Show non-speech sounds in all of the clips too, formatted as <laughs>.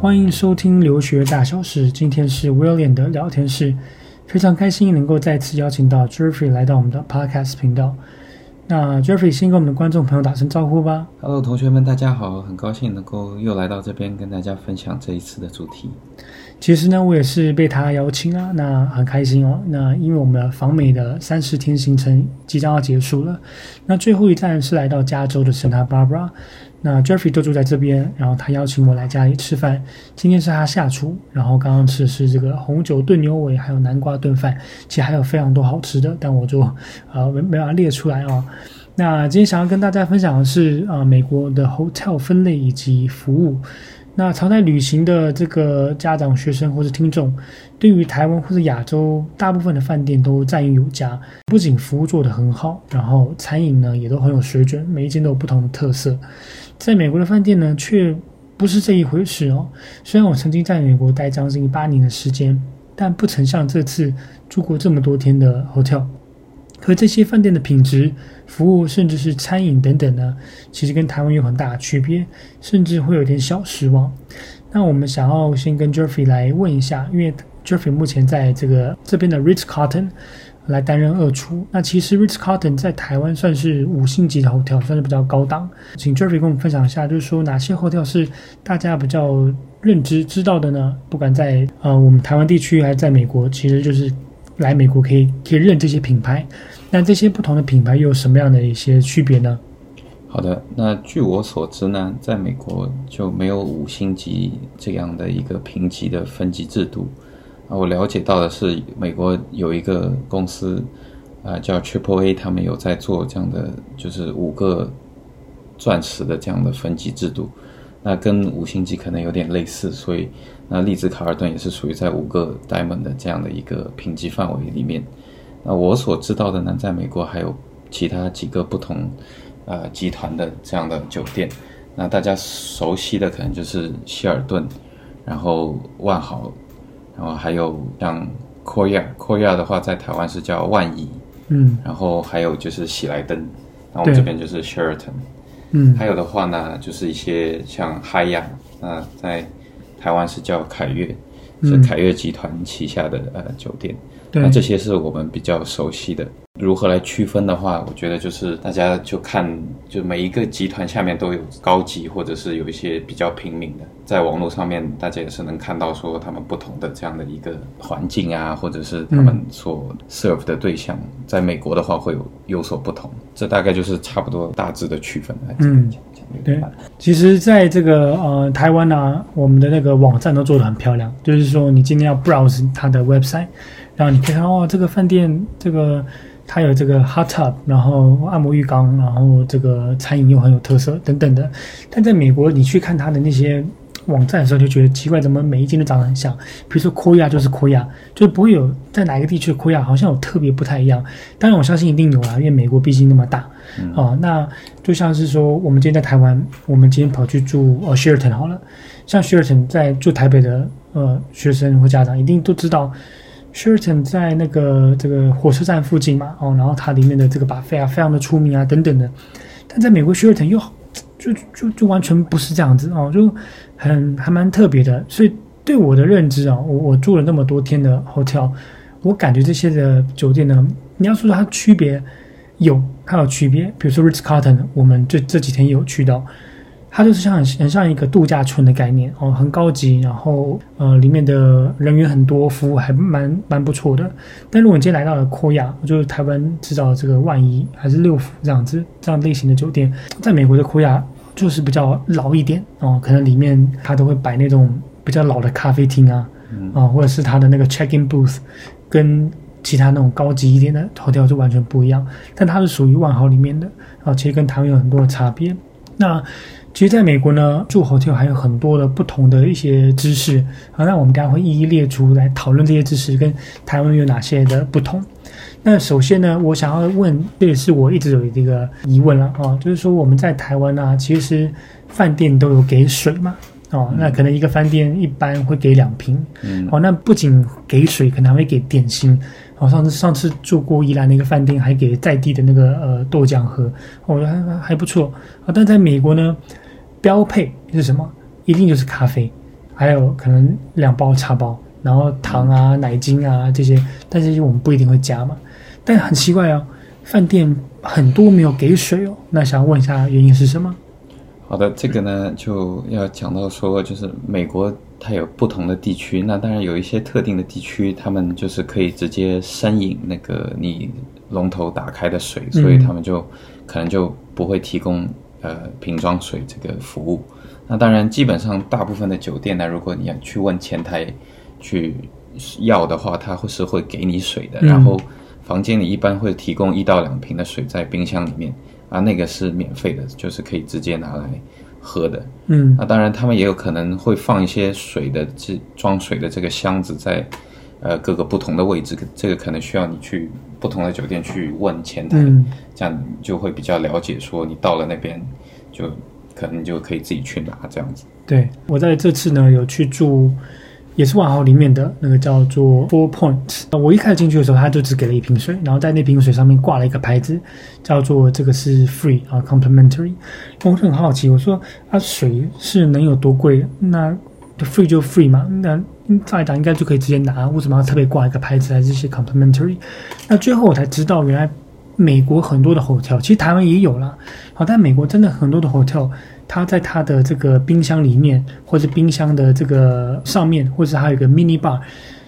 歡迎收聽留學大小事，今天是 William 的聊天室，非常開心能夠再次邀請到 Geoffrey 來到我們的 Podcast 頻道。那 Geoffrey 先跟我們的觀眾朋友打聲招呼吧。Hello，同學們，大家好，很高興能夠又來到這邊跟大家分享這一次的主題。其實呢，我也是被他邀請啊，那很開心哦。那因為我們的訪美的三十天行程即將要結束了，那最後一站是來到加州的聖塔芭芭拉，那 Jeffrey 都住在這邊，然後他邀請我來家裡吃飯。今天是他下廚，然後剛剛吃的是這個紅酒燉牛尾，還有南瓜燉飯，其實還有非常多好吃的，但我就呃沒沒法列出來啊、哦。那今天想要跟大家分享的是啊、呃，美國的 hotel 分類以及服務。那常在旅行的這個家長、學生或者聽眾，對於台灣或者亞洲大部分的飯店都讚譽有加，不僅服務做得很好，然後餐飲呢也都很有水準，每一間都有不同的特色。在美國的飯店呢，卻不是這一回事哦。雖然我曾經在美國待將近八年的時間，但不曾像這次住過這麼多天的 hotel。和這些飯店的品質、服務，甚至是餐飲等等呢，其實跟台灣有很大的區別，甚至會有點小失望。那我們想要先跟 Geoffrey 來問一下，因為 Geoffrey 目前在這個這邊的 Ritz-Carlton 來擔任二廚。那其實 Ritz-Carlton 在台灣算是五星級的 hotel，算是比較高檔。請 Geoffrey 跟我們分享一下，就是說哪些 hotel 是大家比較認知、知道的呢？不管在呃我們台灣地區，還是在美國，其實就是。來美國可以可以認，這些品牌，那這些不同的品牌又有什麼樣的一些區別呢？好的，那據我所知呢，在美國就沒有五星級這樣的一個評級的分級制度。啊，我了解到的是，美國有一個公司啊，呃，叫 Triple A，他們有在做這樣的，就是五個鑽石的這樣的分級制度。那跟五星級可能有點類似，所以那麗思卡爾頓也是屬於在五個 diamond 的這樣的一個評級範圍裡面。那我所知道的呢，在美國還有其他幾個不同呃集團的這樣的酒店。那大家熟悉的可能就是希爾頓，然後萬豪，然後還有像 Courtyard，Courtyard 的話在台灣是叫萬怡，嗯，然後還有就是喜來登，然後這邊就是 Sheraton。嗯，還有的話呢，就是一些像海雅，啊、呃，在台灣是叫凱悅，嗯、是凱悅集團旗下的呃酒店，對那這些是我們比較熟悉的。如何來區分的話，我覺得就是大家就看，就每一個集團下面都有高級，或者是有一些比較平民的，在網絡上面大家也是能看到說他們不同的這樣的一個環境啊，或者是他們所 serve 的對象，嗯，在美國的話會有有所不同，這大概就是差不多大致的區分，啊。嗯，對，其實在這個呃台灣呢，啊，我們的那個網站都做得很漂亮，就是說你今天要 browse 它的 website，然後你可以看哦，這個飯店這個。它有這個 hot tub，然後按摩浴缸，然後這個餐飲又很有特色等等的。但在美國，你去看它的那些網站的時候，就覺得奇怪，怎麼每一間都長得很像？比如說，KOA 就是 KOA 就不會有在哪個地區的 KOA 好像有特別不太一樣。當然，我相信一定有啊，因為美國畢竟那麼大、嗯、啊。那就像是說，我們今天在台灣，我們今天跑去住呃 Sheraton。哦、Sheraton 好了，像 Sheraton 在住台北的呃學生或家長一定都知道。Sheraton 在那個這個火車站附近嘛，哦，然後它裡面的這個 buffet 啊，非常的出名啊，等等的。但在美國，Sheraton 又就就就完全不是這樣子哦，就很還蠻特別的。所以對我的認知啊，我我住了那麼多天的 hotel，我感覺這些的酒店呢，你要說它區別，有，它有區別。比如說 Ritz Carlton 我們這這幾天有去到。它就是像很像一個度假村的概念哦，很高級，然後呃裡面的人員很多，服務還蠻蠻，蠻不錯的。但如果你今天來到了科亞，就是台灣制造的這個萬怡還是六福這樣子這樣類型的酒店，在美國的科亞就是比較老一點哦，可能裡面它都會擺那種比較老的咖啡廳啊啊、哦，或者是它的那個 check-in booth，跟其他那種高級一點的 hotel 就完全不一樣。但它是屬於萬豪裡面的啊、哦，其實跟台灣有很多的差別。那其實，在美國呢，住 hotel 還有很多的不同的一些知識，啊，那我們等一下會一一列出來討論這些知識跟台灣有哪些的不同。那首先呢，我想要問，這也是我一直有一個疑問了啊，就是說我們在台灣啊，其實飯店都有給水嘛，哦，啊，那可能一個飯店一般會給兩瓶，哦，啊，那不僅給水，可能還會給點心。我上次上次住過宜蘭的一個飯店，還給在地的那個呃豆漿喝，我覺得還不錯啊，哦。但在美國呢，標配是什麼？一定就是咖啡，還有可能兩包茶包，然後糖啊、奶精啊這些，但是就我們不一定會加嘛。但很奇怪哦，飯店很多沒有給水哦。那想問一下，原因是什麼？好的，這個呢就要講到說，就是美國。它有不同的地區，那當然有一些特定的地區，他們就是可以直接生飲那個你龍頭打開的水，嗯、所以他們就可能就不會提供呃瓶裝水這個服務。那當然，基本上大部分的酒店呢，如果你要去問前台去要的話，他會是會給你水的。嗯、然後房間裡一般會提供一到兩瓶的水在冰箱裡面啊，那個是免費的，就是可以直接拿來。喝的，嗯，那當然，他們也有可能會放一些水的這裝水的這個箱子在，呃，各個不同的位置，這個可能需要你去不同的酒店去問前台，嗯，這樣你就會比較了解，說你到了那邊就可能就可以自己去拿這樣子。對，我在這次呢有去住，也是萬豪裡面的那個叫做 Four Points，那我一開始進去的時候，他就只給了一瓶水，然後在那瓶水上面掛了一個牌子，叫做這個是 free 啊 complimentary。我很好奇，我說啊水是能有多貴？那 free 就 free 嘛，那再打應該就可以直接拿，為什麼要特別掛一個牌子，還是一些 complimentary？那最後我才知道，原來美國很多的 hotel，其實台灣也有啦。好，但美國真的很多的 hotel。他在他的這個冰箱裡面，或者冰箱的這個上面，或者還有一個 mini bar，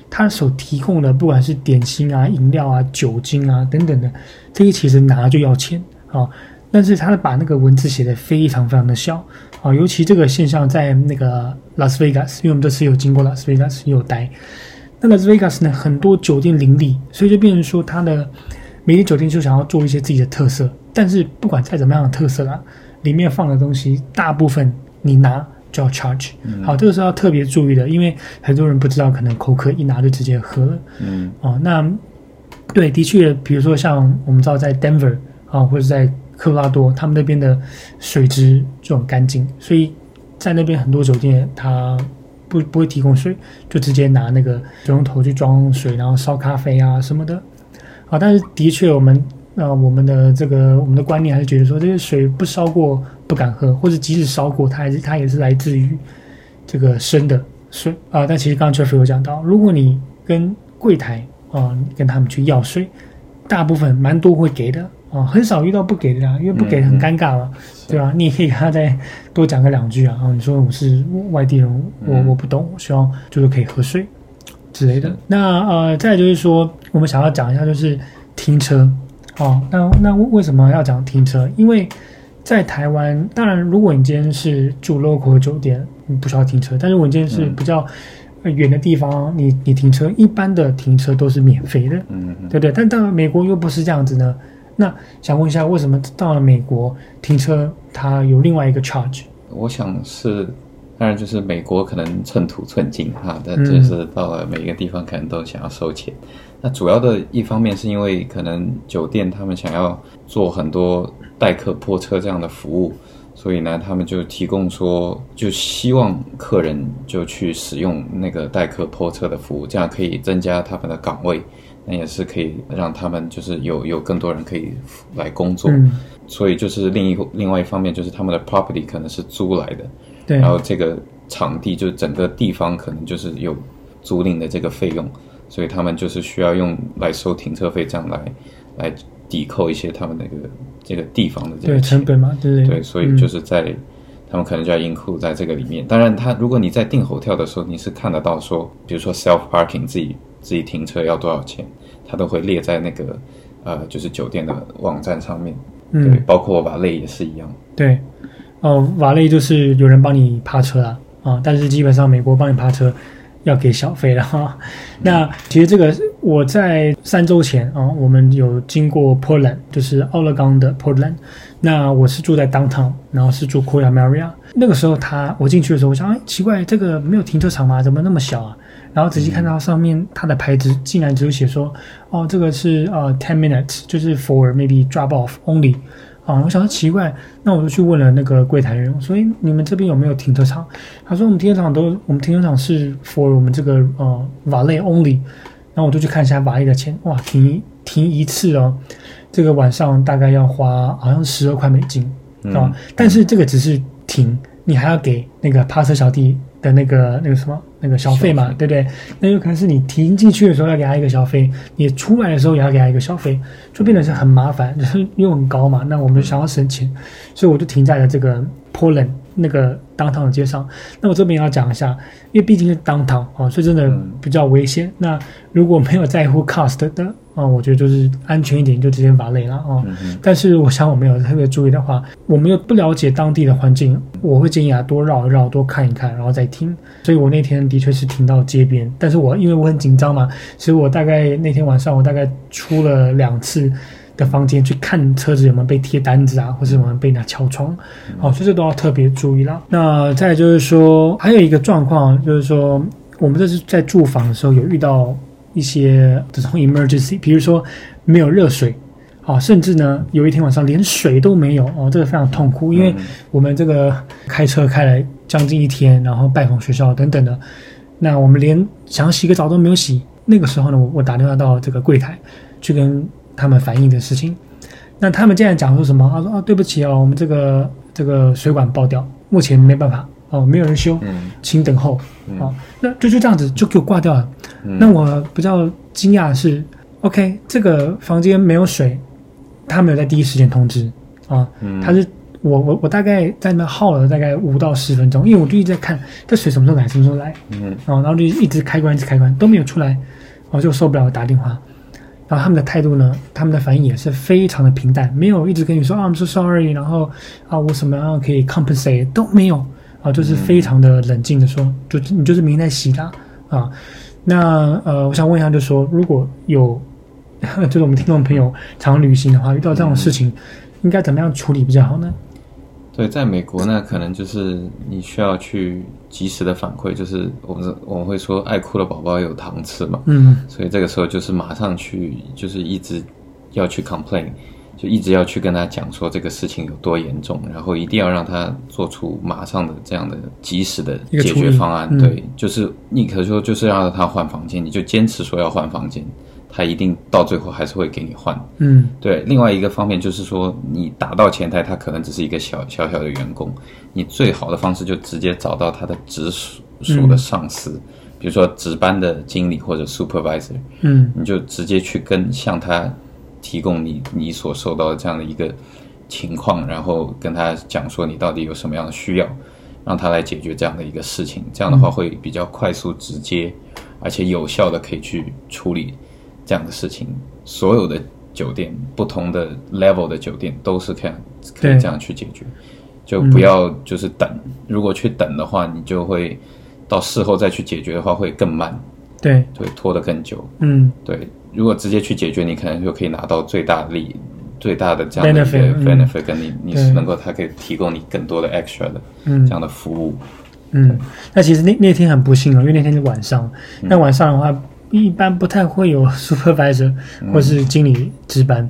他所提供的不管是點心啊、飲料啊、酒精啊等等的，這些其實拿就要錢啊、哦。但是他把那個文字寫得非常非常的小啊、哦，尤其這個現象在那個 Las Vegas，因為我們這次有經過 Las Vegas，也有待。那 Las Vegas 呢，很多酒店林立，所以就變成說，他的每個酒店就想要做一些自己的特色。但是不管再怎麼樣的特色啦、啊，裡面放的東西大部分你拿就要 charge，、嗯、好，這個是要特別注意的，因為很多人不知道，可能口渴一拿就直接喝了。嗯，哦，那對，的確，比如說像我們知道在 Denver 啊、哦，或者在科羅拉多，他們那邊的水質就很乾淨，所以在那邊很多酒店它不不會提供水，就直接拿那個水龍頭去裝水，然後燒咖啡啊什麼的。啊、哦，但是的確我們。那、呃、我們的這個我們的觀念還是覺得說，這些水不燒過不敢喝，或者即使燒過，它還是它也是來自於這個生的水啊、呃。但其實剛剛 Geoffrey 有講到，如果你跟櫃檯啊，呃、跟他們去要水，大部分蠻多會給的啊、呃，很少遇到不給的啊，因為不給很尷尬嘛，對吧？你也可以給他再多講個兩句啊、呃，你說我是外地人，我我不懂，我希望就是可以喝水之類的。是那呃，再來就是說，我們想要講一下就是停車。哦，那那為什麼要講停車？因為，在台灣，當然，如果你今天是住 local 酒店，你不需要停車。但是如果你今天是比較遠的地方，嗯、你你停車，一般的停車都是免費的，嗯、哼對不對？但到美國又不是這樣子呢？那想問一下，為什麼到了美國停車它有另外一個 charge？我想是。當然，就是美國可能寸土寸金哈，但就是到了每一個地方可能都想要收錢。嗯、那主要的一方面是因為可能酒店他們想要做很多代客泊車這樣的服務，所以呢，他們就提供說，就希望客人就去使用那個代客泊車的服務，這樣可以增加他們的崗位，那也是可以讓他們就是有有更多人可以來工作。嗯、所以就是另一另外一方面，就是他們的 property 可能是租來的。對然後這個場地就整個地方，可能就是有租賃的這個費用，所以他們就是需要用來收停車費，這樣來來抵扣一些他們那個這個地方的這個對成本嘛，對對。對，所以就是在、嗯、他們可能就要 include 在這個裡面。當然他，他如果你在訂 hotel 的時候，你是看得到說，比如說 self parking 自己自己停車要多少錢，它都會列在那個呃，就是酒店的網站上面，嗯對，包括我把類也是一樣，對。哦，valet、呃、就是有人幫你趴車啊。啊、呃，但是基本上美國幫你趴車，要給小費的哈。那其實這個我在三週前啊、呃，我們有經過 Portland，就是奧勒岡的 Portland。那我是住在 Downtown，然後是住 Courtyard Marriott。那個時候他我進去的時候，我想，哎、啊，奇怪，這個沒有停車場嗎？怎麼那麼小啊？然後仔細看到上面他的牌子，竟然只有寫說，哦、呃，這個是呃 ten minutes，就是 for maybe drop off only。啊，我想到奇怪，那我就去問了那個櫃檯員，所以你們這邊有沒有停車場？他說我們停車場都，我們停車場是 for 我們這個呃 Valet only。那我就去看一下 Valet 的錢，哇，停停一次哦，這個晚上大概要花好像十二塊美金，啊、嗯，但是這個只是停，你還要給那個帕車小弟的那個那個什麼。那個小費嘛，費對不對？那有可能是你停進去的時候要給他一個小費，你出來的時候也要給他一個小費，就變得是很麻煩，就是又很高嘛。那我們就想要省錢，嗯，所以我就停在了這個 Poland。那個當堂 ow 的街上，那我這邊也要講一下，因為畢竟是當堂啊，所以真的比較危險。嗯、那如果沒有在乎 c a s t 的啊、哦，我覺得就是安全一點就直接把累了啊。嗯、哼但是我想，我沒有特別注意的話，我們又不了解當地的環境，我會建議啊多繞繞，繞，多看一看，然後再聽。所以我那天的確是停到街邊，但是我因為我很緊張嘛，其實我大概那天晚上我大概出了兩次。的房間去看車子有沒有被貼單子啊，或者有沒有被那敲窗，好、嗯，哦、所以這些都要特別注意了。那再就是說，還有一個狀況，就是說，我們這是在住房的時候有遇到一些這種 emergency，比如說沒有熱水，好、哦，甚至呢，有一天晚上連水都沒有，哦，這個非常痛苦，因為我們這個開車開了將近一天，然後拜訪學校等等的，那我們連想洗個澡都沒有洗。那個時候呢，我我打電話到這個櫃檯去跟。他們反映的事情，那他們竟然講說什麼啊？他說啊，對不起哦，我們這個這個水管爆掉，目前沒辦法哦，沒有人修，嗯、請等候、嗯、哦，那就就這樣子，就給我掛掉了。嗯、那我比較驚訝的是，OK，這個房間沒有水，他沒有在第一時間通知啊。哦嗯、他是我我我大概在那耗了大概五到十分鐘，因為我就一直在看這水什麼時候來，什麼時候來，嗯、哦，然後就一直開關，一直開關都沒有出來，我、哦、就受不了了，打電話。然後、啊、他們的態度呢？他們的反應也是非常的平淡，沒有一直跟你說、啊、I'm so sorry，然後啊，我什麼樣可以 compensate 都沒有啊，就是非常的冷靜的說，嗯、就你就是明天再洗啊。那呃，我想問一下就是說，就說如果有就是我們聽眾朋友常，常旅行的話，遇到這種事情，嗯、應該怎麼樣處理比較好呢？對，在美國呢，可能就是你需要去。及時的反饋，就是我們我們會說愛哭的寶寶有糖吃嘛，嗯，所以這個時候就是馬上去，就是一直要去 complain，就一直要去跟他講說這個事情有多嚴重，然後一定要讓他做出馬上的這樣的及時的解決方案，嗯、對，就是你可以說就是要讓他換房間，你就堅持說要換房間。他一定到最後還是會給你換，嗯，對。另外一個方面就是說，你打到前台，他可能只是一個小小小的員工，你最好的方式就直接找到他的直屬屬的上司，比如說值班的經理或者 supervisor，嗯，你就直接去跟向他提供你你所受到的這樣的一個情況，然後跟他講說你到底有什麼樣的需要，讓他來解決這樣的一個事情，這樣的話會比較快速、直接，而且有效的可以去處理。這樣的事情，所有的酒店，不同的 level 的酒店都是這樣，可以這樣去解決。對就不要就是等，嗯、如果去等的話，你就會到事後再去解決的話，會更慢，對，會拖得更久。嗯，對。如果直接去解決，你可能就可以拿到最大利益，最大的這樣的一個 benefit，、嗯、跟你你是能夠他可以提供你更多的 extra 的、嗯、這樣的服務。嗯，嗯那其實那那天很不幸哦，因為那天是晚上，嗯、那晚上的話。一般不太會有 supervisor 或是經理值班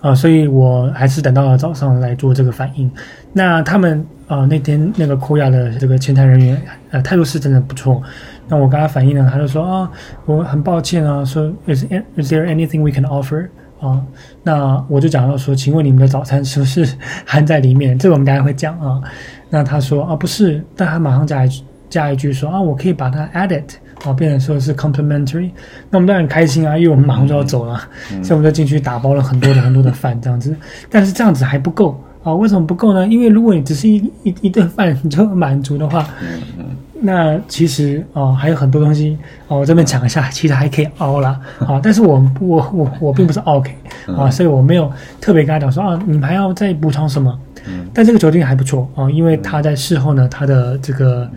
啊，嗯呃，所以我還是等到了早上來做這個反應。那他們啊，呃，那天那個 KOA 的這個前台人員，呃，態度是真的不錯。那我跟他反應呢，他就說啊，哦，我很抱歉啊，說、so、is, is there anything we can offer 啊，哦？那我就講到說，請問你們的早餐是不是含在裡面？這個我們待會會講啊。那他說啊，哦，不是，但他馬上加一加一句說啊，哦，我可以把它 add it 哦、啊，變成說是 complimentary，那我們當然很開心啊，因為我們馬上就要走了，mm hmm. 所以我們就進去打包了很多的很多的飯這樣子。 <laughs> 但是這樣子還不夠啊？為什麼不夠呢？因為如果你只是一一一頓飯你就滿足的話，mm hmm. 那其實啊還有很多東西啊，我這邊講一下， <laughs> 其實還可以凹啦。啊。但是我我我我並不是 o、okay、k 啊， <laughs> 所以我沒有特別跟他講說啊，你們還要再補充什麼？嗯、但這個酒店還不錯啊、呃，因為他在事後呢，他的這個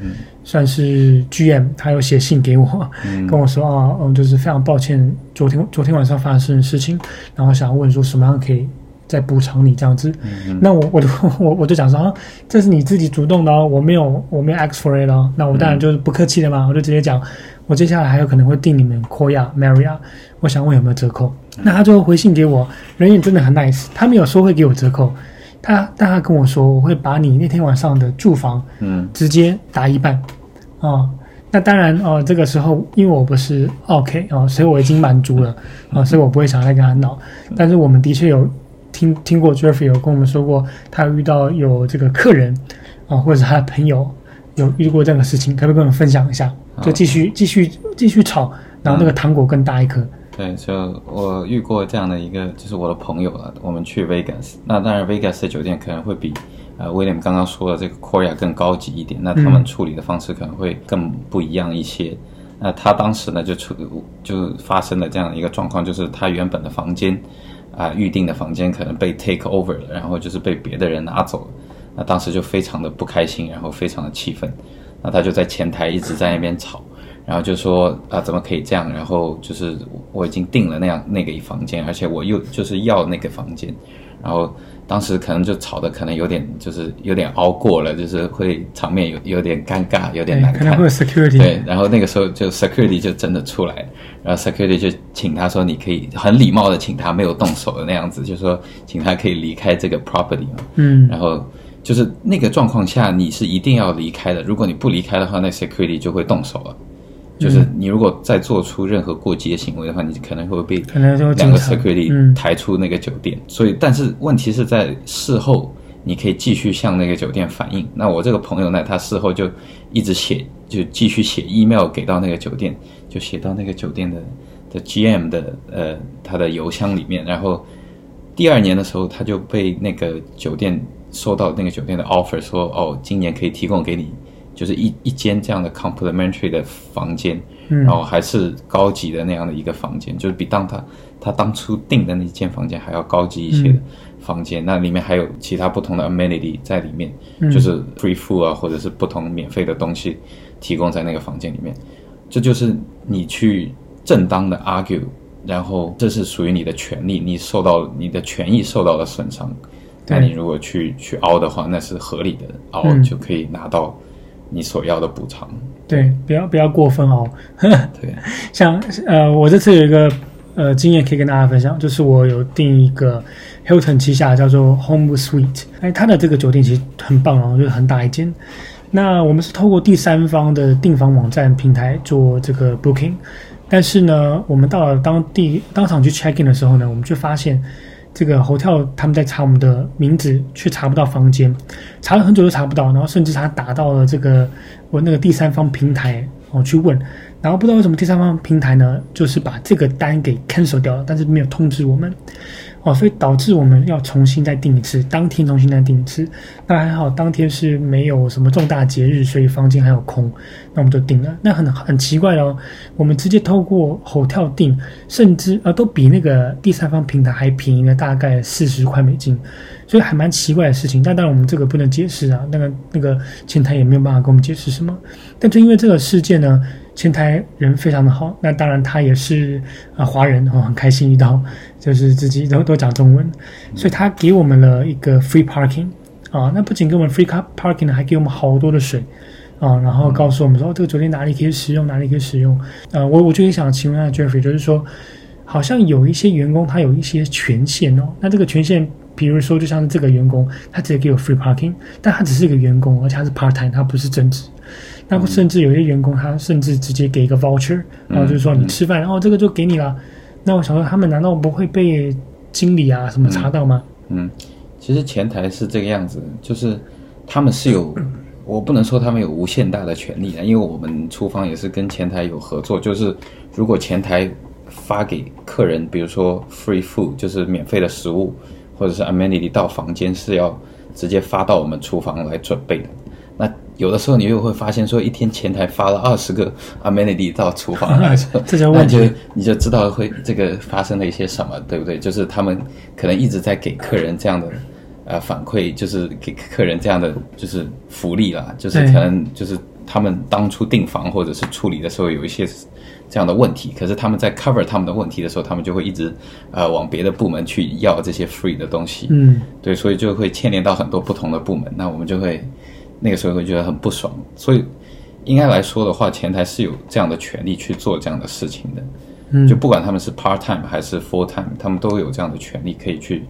算是 GM，他有寫信給我，嗯、跟我說啊、哦，嗯，就是非常抱歉昨天昨天晚上發生的事情，然後想問說什麼樣可以再補償你這樣子。嗯嗯、那我我我我就講說啊，這是你自己主動的哦，我沒有我沒有 ask for it 哦，那我當然就是不客氣的嘛，嗯、我就直接講，我接下來還有可能會訂你們科亞 Maria，我想問有沒有折扣。嗯、那他最後回信給我，人也真的很 nice，他沒有說會給我折扣。他但他跟我說，我會把你那天晚上的住房，嗯，直接打一半，啊、嗯嗯，那當然啊、呃，這個時候因為我不是 OK 啊，所以我已經滿足了啊、呃，所以我不會想再跟他鬧。嗯、但是我們的確有聽聽過 Jeffrey 有跟我們說過，他遇到有這個客人啊、呃，或者是他的朋友有遇過這樣的事情，可不可以跟我們分享一下？就繼續繼續繼續吵，然後那個糖果更大一顆。嗯嗯對，就我遇過這樣的一個，就是我的朋友啊，我們去 Vegas，那當然 Vegas 的酒店可能會比呃 William 剛剛說的這個 Korea 更高級一點，那他們處理的方式可能會更不一樣一些。嗯、那他當時呢就出就發生了這樣的一個狀況，就是他原本的房間啊、呃、預定的房間可能被 take over 了，然後就是被別的人拿走了。那當時就非常的不開心，然後非常的氣憤。那他就在前台一直在那邊吵。然後就說啊，怎麼可以這樣？然後就是我已經訂了那樣那個一房間，而且我又就是要那個房間。然後當時可能就吵得可能有點就是有點熬過了，就是會場面有有點尷尬，有點難看。對，可能會有 security，對，然後那個時候就 security 就真的出來，然後 security 就請他說，你可以很禮貌的請他沒有動手的那樣子，就是說請他可以離開這個 property 嗯。然後就是那個狀況下你是一定要離開的，如果你不離開的話，那 security 就會動手了。就是你如果再做出任何過激的行為的話，嗯、你可能會被兩個 security 抬出那個酒店。嗯、所以，但是問題是在事後，你可以繼續向那個酒店反映。那我這個朋友呢，他事後就一直寫，就繼續寫 email 給到那個酒店，就寫到那個酒店的的 GM 的呃他的郵箱裡面。然後第二年的時候，他就被那個酒店收到那個酒店的 offer，說哦，今年可以提供給你。就是一一間這樣的 complimentary 的房間，嗯、然後還是高級的那樣的一個房間，就是比當他他當初訂的那間房間還要高級一些的房間。嗯、那裡面還有其他不同的 amenity 在裡面，嗯、就是 free food 啊，或者是不同免費的東西提供在那個房間裡面。這就是你去正當的 argue，然後這是屬於你的權利，你受到你的權益受到了損傷，對那你如果去去凹的話，那是合理的，凹、嗯、就可以拿到你所要的補償，對，不要不要過分哦。對， <laughs> 像呃，我這次有一個呃經驗可以跟大家分享，就是我有訂一個 Hilton 旗下叫做 Home Suite，哎，它的這個酒店其實很棒哦，就是很大一間。那我們是透過第三方的訂房網站平台做這個 booking，但是呢，我們到了當地當場去 check in 的時候呢，我們就發現。這個 hotel 他們在查我們的名字，卻查不到房間，查了很久都查不到，然後甚至他打到了這個我那個第三方平台，我、哦、去問，然後不知道為什麼第三方平台呢，就是把這個單給 cancel 掉了，但是沒有通知我們。哦，所以導致我們要重新再訂一次，當天重新再訂一次。那還好，當天是沒有什麼重大節日，所以房間還有空，那我們就訂了。那很很奇怪哦，我們直接透過 hotel 訂，甚至啊、呃、都比那個第三方平台還便宜了大概四十塊美金，所以還蠻奇怪的事情。但當然我們這個不能解釋啊，那個那個前台也沒有辦法跟我們解釋什麼。但就因為這個事件呢。前台人非常的好，那當然他也是啊、呃、華人哦，很開心遇到，就是自己都都講中文，所以他給我們了一個 free parking，啊，那不僅給我們 free parking，呢還給我們好多的水，啊，然後告訴我們說、哦、這個酒店哪裡可以使用，哪裡可以使用，啊，我我就很想請問一下 Geoffrey，就是說好像有一些員工他有一些權限哦，那這個權限比如說就像是這個員工，他只給我 free parking，但他只是一個員工，而且他是 part time，他不是正職。那甚至有些員工，他甚至直接給一個 voucher，嗯、然後就是說你吃飯哦，嗯、然後這個就給你了。嗯、那我想說，他們難道不會被經理啊什麼查到嗎？嗯，嗯，其實前台是這個樣子，就是他們是有，嗯、我不能說他們有無限大的權利啊，因為我們廚房也是跟前台有合作，就是如果前台發給客人，比如說 free food 就是免費的食物，或者是 amenity 到房間是要直接發到我們廚房來準備的。有的時候你又會發現，說一天前台發了二十個 amenity 到廚房來說、啊，這叫問題就。你就知道會這個發生了一些什麼，對不對？就是他們可能一直在給客人這樣的呃反饋，就是給客人這樣的就是福利啦，就是可能就是他們當初訂房或者是處理的時候有一些這樣的問題，對可是他們在 cover 他們的問題的時候，他們就會一直呃往別的部門去要這些 free 的東西，嗯，對，所以就會牽連到很多不同的部門，那我們就會。那個時候會覺得很不爽，所以應該來說的話，前台是有這樣的權利去做這樣的事情的。嗯，就不管他們是 part time 還是 full time，他們都有這樣的權利可以去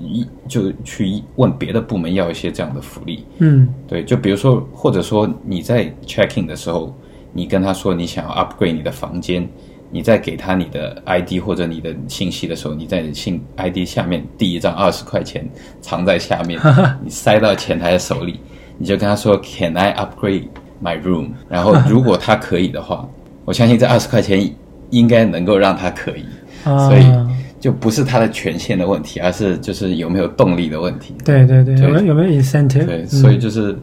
一就去問別的部門要一些這樣的福利。嗯，對，就比如說，或者說你在 check in 的時候，你跟他說你想要 upgrade 你的房間，你在給他你的 ID 或者你的信息的時候，你在信 ID 下面遞一張二十塊錢藏在下面，你塞到前台的手裡。 <laughs> 你就跟他說，Can I upgrade my room？然後如果他可以的話， <laughs> 我相信這二十塊錢應該能夠讓他可以，啊、所以就不是他的權限的問題，而是就是有沒有動力的問題。對對對，對有沒有 incentive？對，嗯、所以就是。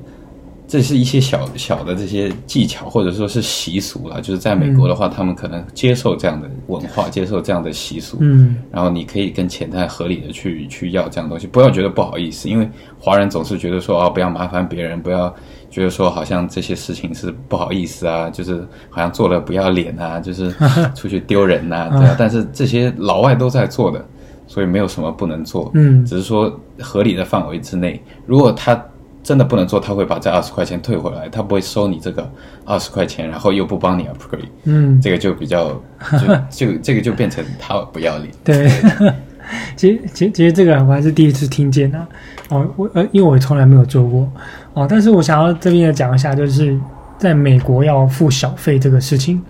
這是一些小小的這些技巧，或者說是習俗了。就是在美國的話，嗯、他們可能接受這樣的文化，接受這樣的習俗。嗯，然後你可以跟前台合理的去去要這樣東西，不要覺得不好意思，因為華人總是覺得說啊、哦，不要麻煩別人，不要覺得說好像這些事情是不好意思啊，就是好像做了不要臉啊，就是出去丟人吶。對啊，但是這些老外都在做的，所以沒有什麼不能做，嗯，只是說合理的範圍之內。如果他。真的不能做，他會把這二十塊錢退回來，他不會收你這個二十塊錢，然後又不幫你 upgrade，嗯，這個就比較就, <laughs> 就這個就變成他不要臉。對，對 <laughs> 其實其實這個我還是第一次聽見啊，哦我呃因為我從來沒有做過，哦，但是我想要這邊也講一下，就是在美國要付小費這個事情。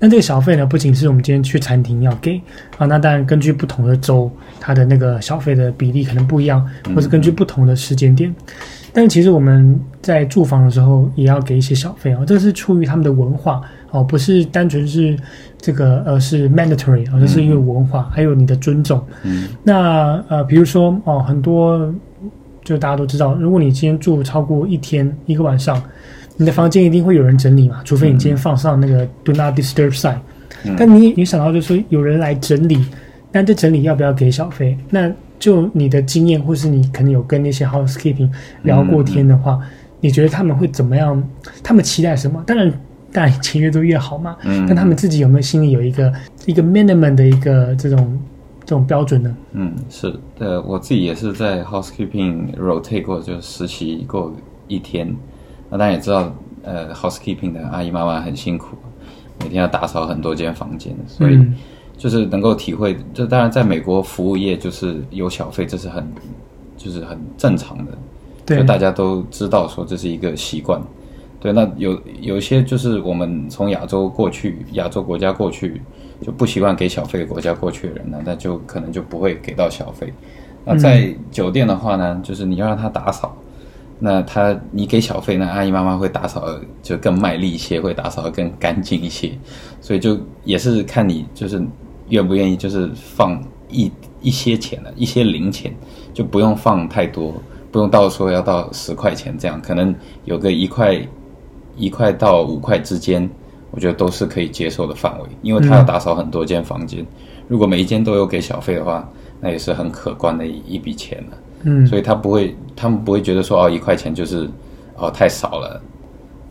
那這個小費呢，不僅是我們今天去餐廳要給，啊，那當然根據不同的州，它的那個小費的比例可能不一樣，或是根據不同的時間點。嗯嗯但其實我們在住房的時候也要給一些小費啊，這是出於他們的文化哦、喔，不是單純是這個而是 mandatory 啊、喔，這是一個文化，還有你的尊重。那呃比如說哦、喔，很多就大家都知道，如果你今天住超過一天一個晚上，你的房間一定會有人整理嘛，除非你今天放上那個 Do Not Disturb sign。但你你想到就是說有人來整理，但這整理要不要給小費？那？就你的經驗，或是你可能有跟那些 housekeeping 聊過天的話，嗯嗯、你覺得他們會怎麼樣？他們期待什麼？當然，當然錢越多越好嘛。嗯。但他們自己有沒有心裡有一個一個 minimum 的一個這種這種標準呢？嗯，是。呃，我自己也是在 housekeeping rotate 過，就是實習過一天。那大家也知道，呃，housekeeping 的阿姨媽媽很辛苦，每天要打掃很多間房間，所以。嗯就是能夠體會，這當然在美國服務業就是有小費，這是很就是很正常的，對就大家都知道說這是一個習慣。對，那有有些就是我們從亞洲過去，亞洲國家過去就不習慣給小費的國家過去的人呢，那就可能就不會給到小費。那在酒店的話呢，嗯、就是你要讓他打掃，那他你給小費呢，那阿姨媽媽會打掃就更賣力一些，會打掃更乾淨一些，所以就也是看你就是。願不願意就是放一一些錢呢、啊，一些零錢，就不用放太多，不用到說要到十塊錢這樣，可能有個一塊，一塊到五塊之間，我覺得都是可以接受的範圍，因為他要打掃很多間房間，嗯、如果每一間都有給小費的話，那也是很可觀的一一筆錢了、啊，嗯，所以他不會，他們不會覺得說哦一塊錢就是哦太少了。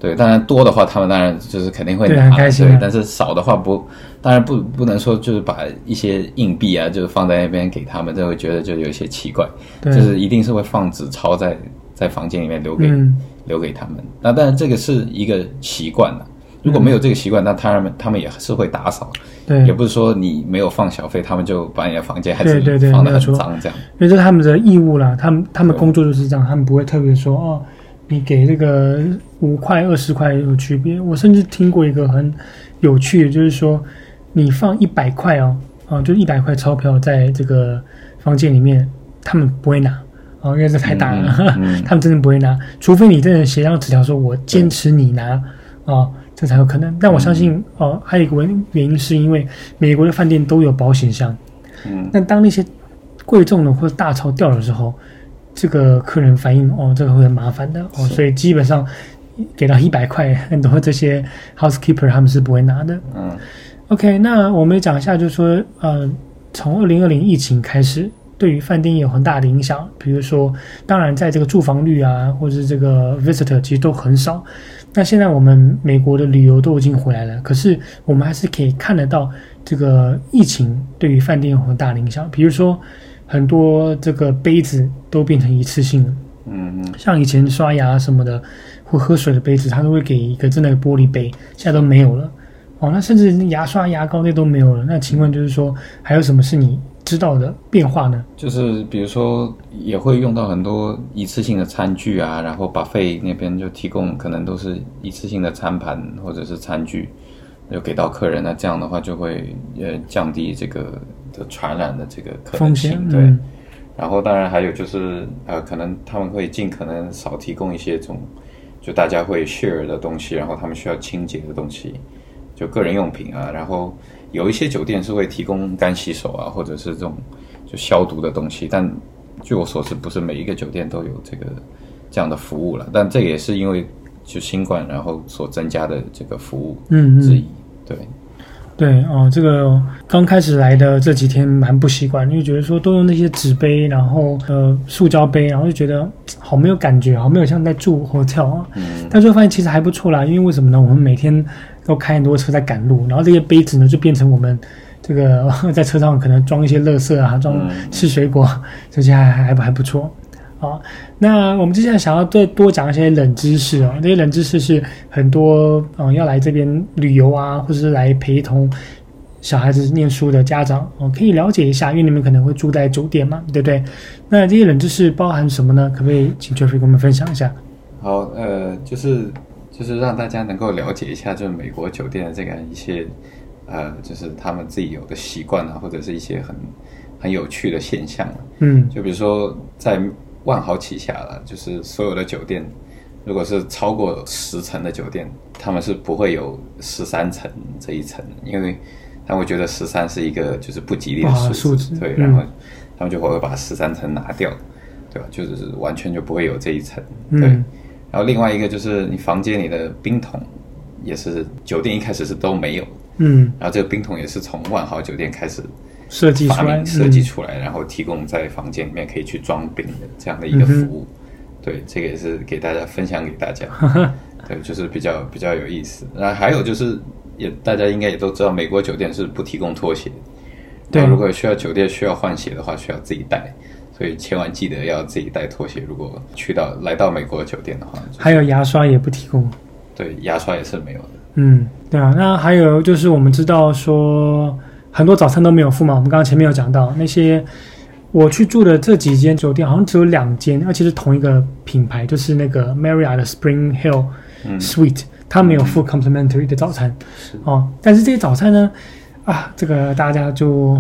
對，當然多的話，他們當然就是肯定會拿。對，開啊、對，但是少的話不，當然不不能說就是把一些硬幣啊，就是放在那邊給他們，就會覺得就有一些奇怪。對就是一定是會放紙鈔在在房間裡面留給、嗯、留給他們。那當然這個是一個習慣了、啊。如果沒有這個習慣，嗯、那他們他們也是會打掃。對也不是說你沒有放小費，他們就把你的房間還是放得很髒這樣。因為這是樣他們的義務啦，他們他們工作就是這樣，對他們不會特別說哦。你給那個五塊、二十塊有區別。我甚至聽過一個很有趣的，就是說，你放一百塊哦，啊，就一百塊鈔票在這個房間裡面，他們不會拿啊，因為這太大了，嗯嗯、他們真的不會拿，除非你真的寫張紙條，說我堅持你拿對啊，這才有可能。但我相信，哦、嗯啊，還有一個原原因，是因為美國的飯店都有保險箱。嗯。那當那些貴重的或者大鈔掉的時候。這個客人反應哦，這個會很麻煩的是哦，所以基本上給到一百塊，很多這些 housekeeper 他們是不會拿的。嗯，OK，那我們一講一下，就是說，嗯、呃，從二零二零疫情開始，對於飯店有很大的影響。比如說，當然在這個住房率啊，或者是這個 visitor 其實都很少。嗯、那現在我們美國的旅遊都已經回來了，可是我們還是可以看得到這個疫情對於飯店有很大的影響。比如說。很多這個杯子都變成一次性了，嗯哼像以前刷牙什麼的，或喝水的杯子，它都會給一個真的，一個玻璃杯，現在都沒有了。哦，那甚至牙刷、牙膏那都沒有了。那請問就是說，還有什麼是你知道的變化呢？就是比如說，也會用到很多一次性的餐具啊，然後 buffet 那邊就提供，可能都是一次性的餐盤或者是餐具，就給到客人。那這樣的話，就會呃降低這個，的傳染的這個可能性，風險，對。嗯、然後當然還有就是，呃，可能他們會盡可能少提供一些這種，就大家會 share 的東西，然後他們需要清潔的東西，就個人用品啊。嗯、然後有一些酒店是會提供乾洗手啊，或者是這種就消毒的東西。但據我所知，不是每一個酒店都有這個這樣的服務了。但這也是因為就新冠然後所增加的這個服務，嗯之一，嗯嗯對。對哦，這個剛開始來的這幾天蠻不習慣，因為覺得說都用那些紙杯，然後呃塑膠杯，然後就覺得好沒有感覺好沒有像在住 hotel 啊。嗯，但最後發現其實還不錯啦，因為為什麼呢？我們每天都開很多車在趕路，然後這些杯子呢就變成我們這個、哦、在車上可能裝一些垃圾啊，裝吃水果這些還還不還不錯。好，那我們接下來想要再多講一些冷知識哦。那些冷知識是很多嗯、呃，要來這邊旅遊啊，或者是來陪同小孩子念書的家長哦、呃，可以了解一下，因為你們可能會住在酒店嘛，對不對？那這些冷知識包含什麼呢？可不可以請 Geoffrey 跟我們分享一下？好，呃，就是就是讓大家能夠了解一下，就是美國酒店的這個一些呃，就是他們自己有的習慣啊，或者是一些很很有趣的現象。嗯，就比如說在。萬豪旗下了，就是所有的酒店，如果是超過十層的酒店，他們是不會有十三層這一層，因為他們覺得十三是一個就是不吉利的數字，對，然後他們就會把十三層拿掉，嗯、對吧？就是完全就不會有這一層。對。嗯、然後另外一個就是你房間裡的冰桶也是酒店一開始是都沒有，嗯。然後這個冰桶也是從萬豪酒店開始。設計發明設計出來，然後提供在房間裡面可以去裝餅的這樣的一個服務。嗯、哼對，這個也是給大家分享給大家。 <laughs> 對，就是比較比較有意思。那還有就是也，也大家應該也都知道，美國酒店是不提供拖鞋。對，如果需要酒店需要換鞋的話，需要自己帶。所以千萬記得要自己帶拖鞋。如果去到來到美國酒店的話、就是，還有牙刷也不提供。對，牙刷也是沒有的。嗯，對啊。那還有就是，我們知道說。很多早餐都沒有附嘛。我們剛剛前面有講到，那些我去住的這幾間酒店，好像只有兩間，而且是同一個品牌，就是那個 Marriott 的 Spring Hill Suite，嗯，它沒有附 complimentary 的早餐。的哦，但是這些早餐呢，啊，這個大家就。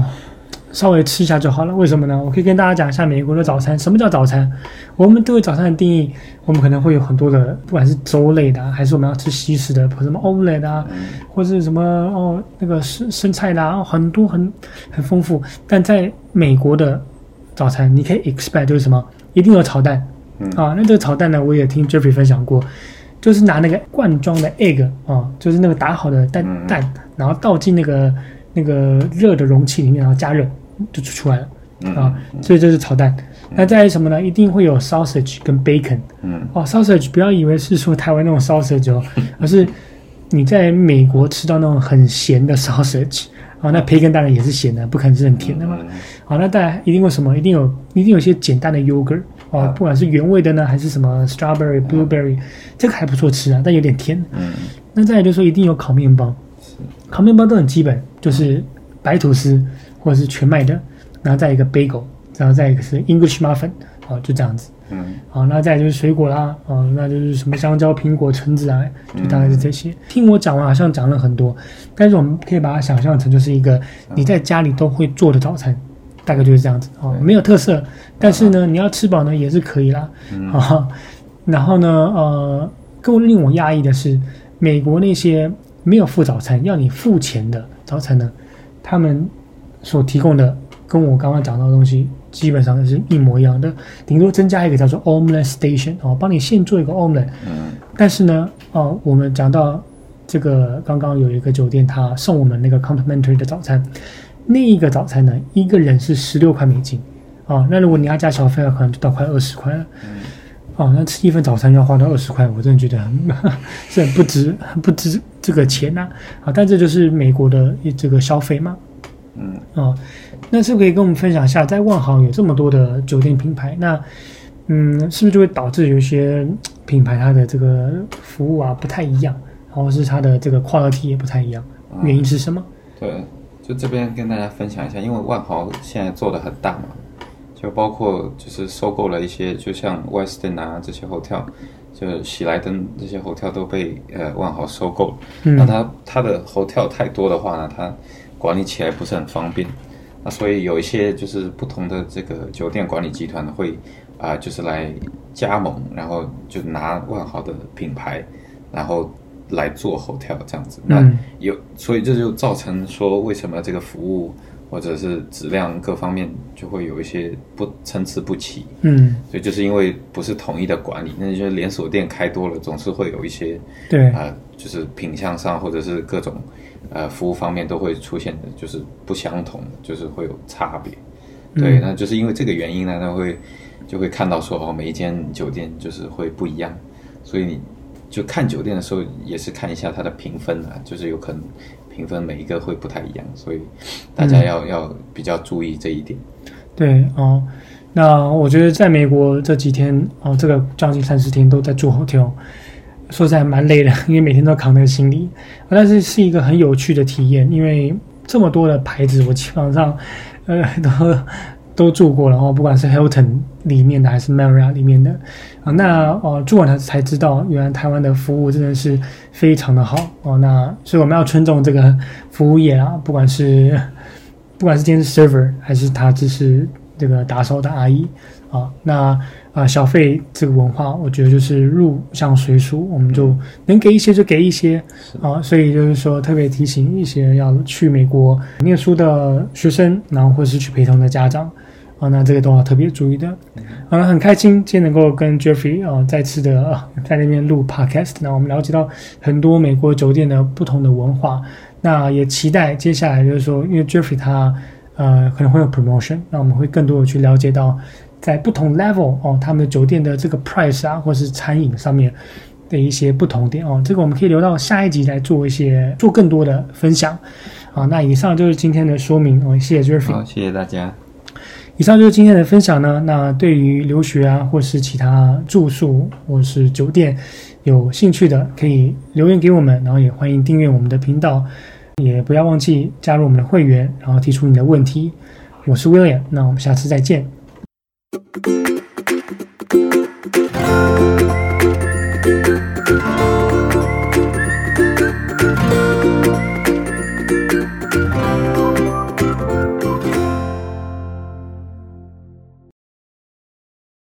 稍微吃一下就好了，為什麼呢？我可以跟大家講一下美國的早餐。什麼叫早餐？我們對於早餐的定義，我們可能會有很多的，不管是粥類的還是我們要吃西式的，什麼 Omelette 啊，或者什麼哦那個生生菜的、啊哦、很多很很豐富。但在美國的早餐，你可以 expect 就是什麼，一定有炒蛋、嗯、啊。那這個炒蛋呢，我也聽 Geoffrey 分享過，就是拿那個罐裝的 egg 啊，就是那個打好的蛋蛋，嗯、然後倒進那個那個熱的容器裡面，然後加熱。就出出來了啊，所以這是炒蛋。那再什麼呢？一定會有 sausage 跟 bacon。嗯，哦，sausage 不要以為是說台灣那種 sausage，哦，而是你在美國吃到那種很鹹的 sausage 哦。那培根當然也是鹹的，不可能是很甜的嘛。好，那大家一定有什麼？一定有，一定有些簡單的 yogurt 哦。不管是原味的呢，還是什麼 strawberry、blueberry，這個還不錯吃啊，但有點甜。嗯，那再來就是說，一定有烤麵包。烤麵包都很基本，就是。白吐司，或者是全麥的，然後再一個 bagel，然後再一個是 English muffin。啊、呃，就這樣子，嗯，好、啊，那再就是水果啦，啊、呃，那就是什麼香蕉、蘋果、橙子，啊，就大概是這些。嗯、聽我講完，好像講了很多，但是我們可以把它想象成就是一個你在家裡都會做的早餐，啊、大概就是這樣子啊，呃、對沒有特色，啊、但是呢，你要吃飽呢也是可以啦，嗯、啊，然後呢，呃，更令我訝異的是，美國那些沒有付早餐要你付錢的早餐呢。他們所提供的跟我剛剛講到的東西基本上是一模一樣的，頂多增加一個叫做 omelet station 哦，幫你現做一個 omelet。嗯。但是呢，哦，我們講到這個剛剛有一個酒店，他送我們那個 complimentary 的早餐，那一個早餐呢，一個人是十六塊美金，啊、哦，那如果你要加小費的話，可能就到快二十塊了。嗯。哦，那吃一份早餐要花到二十塊，我真的覺得很是很不值，很不值這個錢吶、啊。啊，但這就是美國的這個消費嘛。嗯。哦，那是不是可以跟我們分享一下，在萬豪有這麼多的酒店品牌，那嗯，是不是就會導致有一些品牌它的這個服務啊不太一樣，然後是它的這個 quality 也不太一樣，原因是什麼？嗯、對，就這邊跟大家分享一下，因為萬豪現在做的很大嘛。就包括就是收購了一些，就像 Westin 啊這些 hotel，就喜來登這些 hotel 都被呃萬豪收購了、嗯、那它它的 hotel 太多的話呢，它管理起來不是很方便。那所以有一些就是不同的這個酒店管理集團會啊、呃，就是來加盟，然後就拿萬豪的品牌，然後來做 hotel 這樣子。那有所以這就造成說為什麼這個服務，或者是質量各方面就會有一些不參差不齊，嗯，所以就是因為不是統一的管理，那些連鎖店開多了，總是會有一些對啊、呃，就是品相上或者是各種呃服務方面都會出現的，就是不相同，就是會有差別。對，嗯、那就是因為這個原因呢，那會就會看到說哦，每一間酒店就是會不一樣，所以你就看酒店的時候也是看一下它的評分啊，就是有可能。評分每一個會不太一樣，所以大家要、嗯、要比較注意這一點。對哦，那我覺得在美國這幾天哦，這個將近三十天都在做 hotel，說實在蠻累的，因為每天都扛那個行李，但是是一個很有趣的體驗，因為這麼多的牌子我，我基本上呃都。都住過了哦，不管是 Hilton 裡面的還是 Marriott 裡面的，啊，那哦、呃、住完他才知道，原來台灣的服務真的是非常的好哦。那所以我們要尊重這個服務業啊，不管是不管是兼職 server 還是他只是這個打掃的阿姨，啊，那啊、呃、小費這個文化，我覺得就是入鄉隨俗，嗯、我們就能給一些就給一些的啊。所以就是說特別提醒一些要去美國念書的學生，然後或者是去陪同的家長。那這個都要特別注意的。啊，很開心今天能夠跟 Geoffrey 啊、哦、再次的啊、哦、在那邊錄 Podcast。那我們了解到很多美國酒店的不同的文化。那也期待接下來就是說，因為 Geoffrey 他呃可能會有 promotion，那我們會更多的去了解到在不同 level 哦，他們的酒店的這個 price 啊，或是餐飲上面的一些不同點哦。這個我們可以留到下一集來做一些做更多的分享。啊，那以上就是今天的說明。哦，謝謝 Geoffrey。好，謝謝大家。以上就是今天的分享呢。那對於留學啊，或是其他住宿或是酒店有興趣的，可以留言給我們，然後也歡迎訂閱我們的頻道，也不要忘記加入我們的會員，然後提出你的問題。我是 William，那我們下次再見。